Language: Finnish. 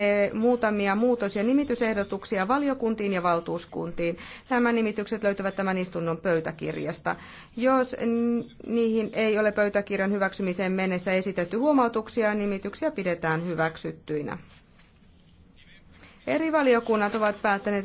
Eh, muutamia muutos- ja nimitysehdotuksia valiokuntiin ja valtuuskuntiin. Nämä nimitykset löytyvät tämän istunnon pöytäkirjasta. Jos niihin ei ole pöytäkirjan hyväksymiseen mennessä esitetty huomautuksia, nimityksiä pidetään hyväksyttyinä. Eri valiokunnat ovat päättäneet